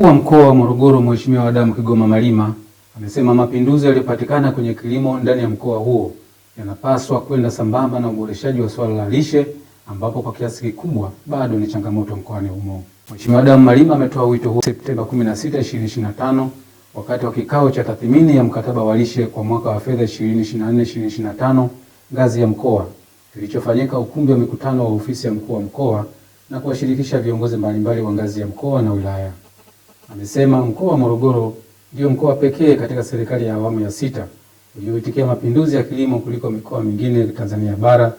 Mkuu wa Mkoa wa Morogoro Mheshimiwa Adamu Kigoma Malima amesema mapinduzi yaliyopatikana kwenye kilimo ndani ya mkoa huo yanapaswa kwenda sambamba na uboreshaji wa suala la lishe ambapo kwa kiasi kikubwa bado ni changamoto mkoani humo. Mheshimiwa Adamu Malima ametoa wito huo Septemba 16, 2025 wakati wa kikao cha tathmini ya mkataba wa lishe kwa mwaka wa fedha 2024-2025 ngazi ya mkoa kilichofanyika ukumbi wa mikutano wa ofisi ya mkuu wa mkoa na kuwashirikisha viongozi mbalimbali wa ngazi ya mkoa na wilaya amesema mkoa wa Morogoro ndio mkoa pekee katika serikali ya awamu ya sita ulioitikia mapinduzi ya kilimo kuliko mikoa mingine Tanzania bara,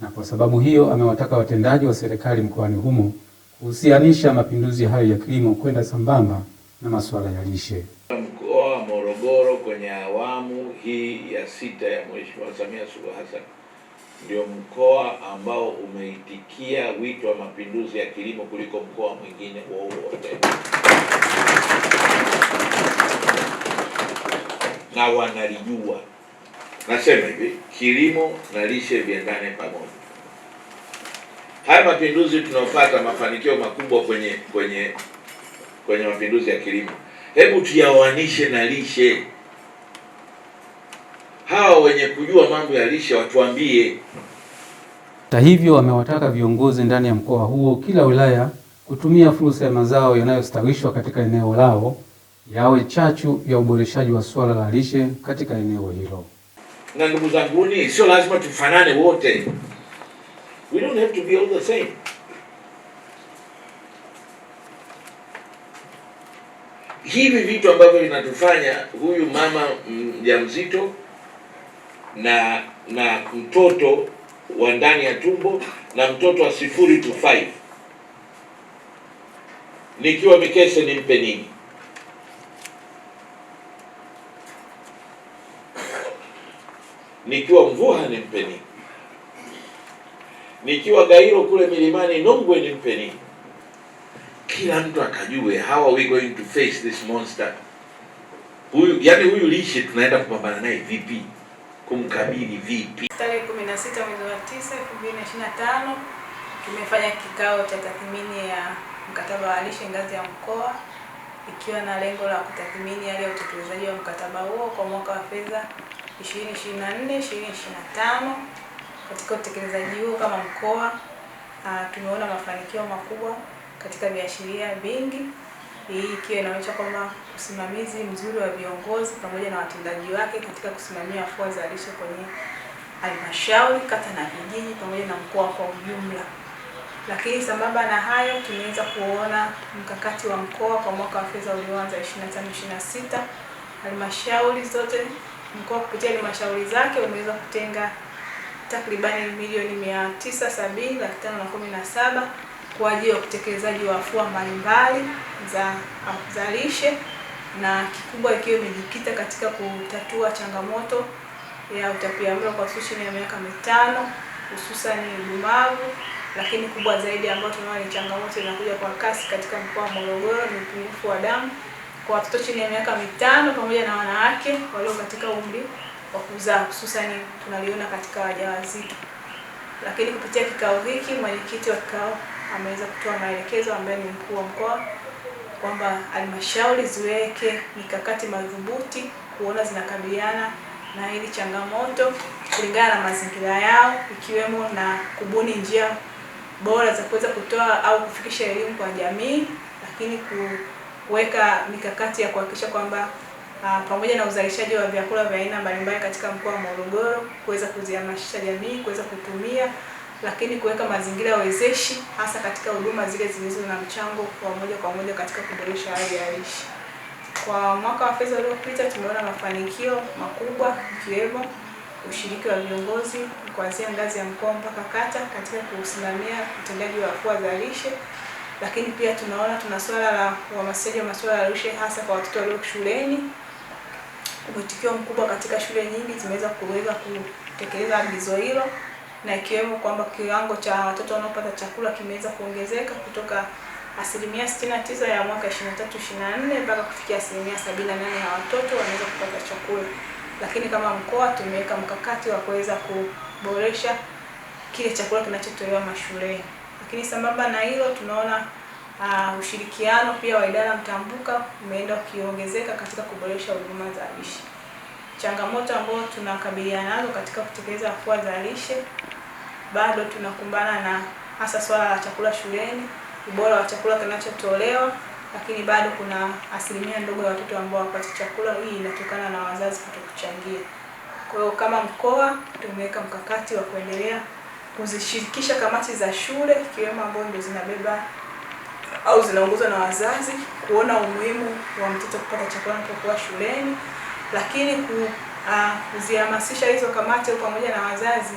na kwa sababu hiyo amewataka watendaji wa serikali mkoani humo kuhusianisha mapinduzi hayo ya kilimo kwenda sambamba na masuala ya lishe. Mkoa wa Morogoro kwenye awamu hii ya sita ya Mheshimiwa Samia Suluhu Hassan ndio mkoa ambao umeitikia wito wa mapinduzi ya kilimo kuliko mkoa mwingine wowote. na wanalijua. Nasema hivi, kilimo na lishe viendane pamoja. Haya mapinduzi tunaopata mafanikio makubwa kwenye kwenye kwenye mapinduzi ya kilimo, hebu tuyawanishe na lishe. Hawa wenye kujua mambo ya lishe watuambie. Hata hivyo, wamewataka viongozi ndani ya mkoa huo, kila wilaya, kutumia fursa ya mazao yanayostawishwa katika eneo lao yawe chachu ya uboreshaji wa suala la lishe katika eneo hilo. Na ndugu zanguni, sio lazima tufanane wote, we don't have to be all the same. Hivi vitu ambavyo vinatufanya huyu mama mjamzito na na mtoto wa ndani ya tumbo na mtoto wa sifuri to 5 nikiwa mikese nimpe nini? nikiwa Mvuha nimpeni, nikiwa Gairo kule milimani Nongwe nimpeni. Kila mtu akajue how are we going to face this monster. Huyu yani, huyu lishe tunaenda kupambana naye vipi, kumkabili vipi? Tarehe 16 mwezi wa 9 2025 kimefanya kikao cha tathmini ya mkataba wa lishe ngazi ya mkoa ikiwa na lengo la kutathmini hali ya utekelezaji wa mkataba huo kwa mwaka wa fedha 2024 2025. Katika utekelezaji huu kama mkoa ah, tumeona mafanikio makubwa katika viashiria vingi, hii ikiwa inaonyesha kwamba usimamizi mzuri wa viongozi pamoja na watendaji wake katika kusimamia afua za lishe kwenye halmashauri, kata na vijiji pamoja na mkoa kwa ujumla. Lakini sambamba na hayo, tumeweza kuona mkakati wa mkoa kwa mwaka wa fedha ulioanza 25 26 halmashauri zote mkoa kupitia halmashauri zake umeweza kutenga takribani milioni mia tisa sabini laki tano na kumi na saba kwa ajili ya utekelezaji wa afua mbalimbali za za lishe na kikubwa ikiwa imejikita katika kutatua changamoto ya mlo kwa watoto chini ya miaka mitano hususan udumavu, lakini kubwa zaidi ambayo tunaona ni changamoto inakuja kwa kasi katika mkoa wa Morogoro ni upungufu wa damu kwa watoto chini ya miaka mitano pamoja na wanawake walio katika umri wa kuzaa, hususani tunaliona katika wajawazito. Lakini kupitia kikao hiki mwenyekiti wa kikao ameweza kutoa maelekezo ambaye ni mkuu wa mkoa kwamba halmashauri ziweke mikakati madhubuti kuona zinakabiliana na hili changamoto kulingana na mazingira yao, ikiwemo na kubuni njia bora za kuweza kutoa au kufikisha elimu kwa jamii, lakini ku kuweka mikakati ya kuhakikisha kwamba ah, pamoja na uzalishaji wa vyakula vya aina mbalimbali katika mkoa wa Morogoro, kuweza kuzihamasisha jamii kuweza kutumia, lakini kuweka mazingira wezeshi hasa katika huduma zile zilizo na mchango wa moja kwa moja katika kuboresha hali ya lishe. Kwa mwaka wa fedha uliopita tumeona mafanikio makubwa ikiwemo ushiriki wa viongozi kuanzia ngazi ya mkoa mpaka kata katika kusimamia utendaji wa afua za lishe lakini pia tunaona tuna swala la uhamasishaji wa masuala ya lishe hasa kwa watoto walio shuleni. Mwitikio mkubwa katika shule nyingi zimeweza kuweza kutekeleza agizo hilo, na ikiwemo kwamba kiwango cha watoto wanaopata chakula kimeweza kuongezeka kutoka asilimia 69 ya mwaka 23 24 mpaka kufikia asilimia 78 ya watoto wanaweza kupata chakula. Lakini kama mkoa tumeweka mkakati wa kuweza kuboresha kile chakula kinachotolewa mashuleni. Lakini sambamba na hilo tunaona uh, ushirikiano pia wa idara mtambuka umeenda ukiongezeka katika kuboresha huduma za lishe. Changamoto ambayo tunakabiliana nazo katika kutekeleza afua za lishe, bado tunakumbana na hasa swala la chakula shuleni, ubora wa chakula kinachotolewa, lakini bado kuna asilimia ndogo ya watoto ambao hawapati chakula. Hii inatokana na wazazi kutokuchangia. Kwa hiyo kama mkoa tumeweka mkakati wa kuendelea kuzishirikisha kamati za shule ikiwemo ambayo ndio zinabeba au zinaongozwa na wazazi, kuona umuhimu wa mtoto kupata chakula anapokuwa shuleni, lakini ku, uh, hizo kamati pamoja na wazazi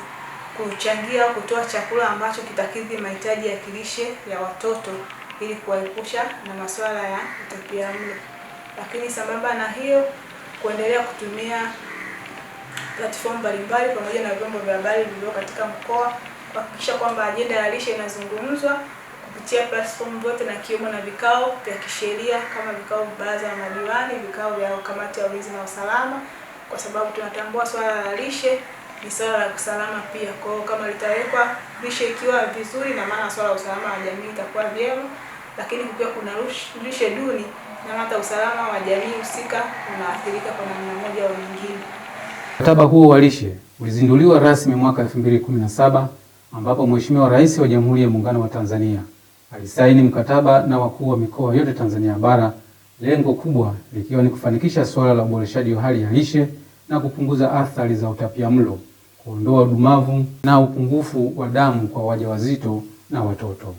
kuchangia kutoa chakula ambacho kitakidhi mahitaji ya kilishe ya watoto ili kuwaepusha na masuala ya utapiamlo. Lakini sambamba na hiyo, kuendelea kutumia platform mbalimbali pamoja na vyombo vya habari vilivyo katika mkoa kuhakikisha kwamba ajenda ya lishe inazungumzwa kupitia platform zote na kiwemo na vikao vya kisheria kama vikao baraza la madiwani, vikao vya kamati ya ulinzi na usalama, kwa sababu tunatambua swala la lishe ni swala la usalama pia. Kwa hiyo kama litawekwa lishe ikiwa vizuri, na maana swala la usalama wa jamii itakuwa vyema, lakini kukiwa kuna lishe duni, na hata usalama wa jamii husika unaathirika kwa namna moja au nyingine. Mkataba huo wa lishe ulizinduliwa rasmi mwaka 2017 ambapo Mheshimiwa Rais wa Jamhuri ya Muungano wa Tanzania alisaini mkataba na wakuu wa mikoa yote Tanzania bara, lengo kubwa likiwa ni kufanikisha suala la uboreshaji wa hali ya lishe na kupunguza athari za utapiamlo, kuondoa udumavu na upungufu wa damu kwa wajawazito na watoto.